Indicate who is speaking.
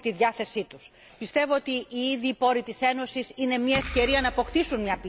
Speaker 1: τη διάθεσή τους. πιστεύω ότι οι ίδιοι πόροι της ένωσης είναι μια ευκαιρία να αποκτήσουν μια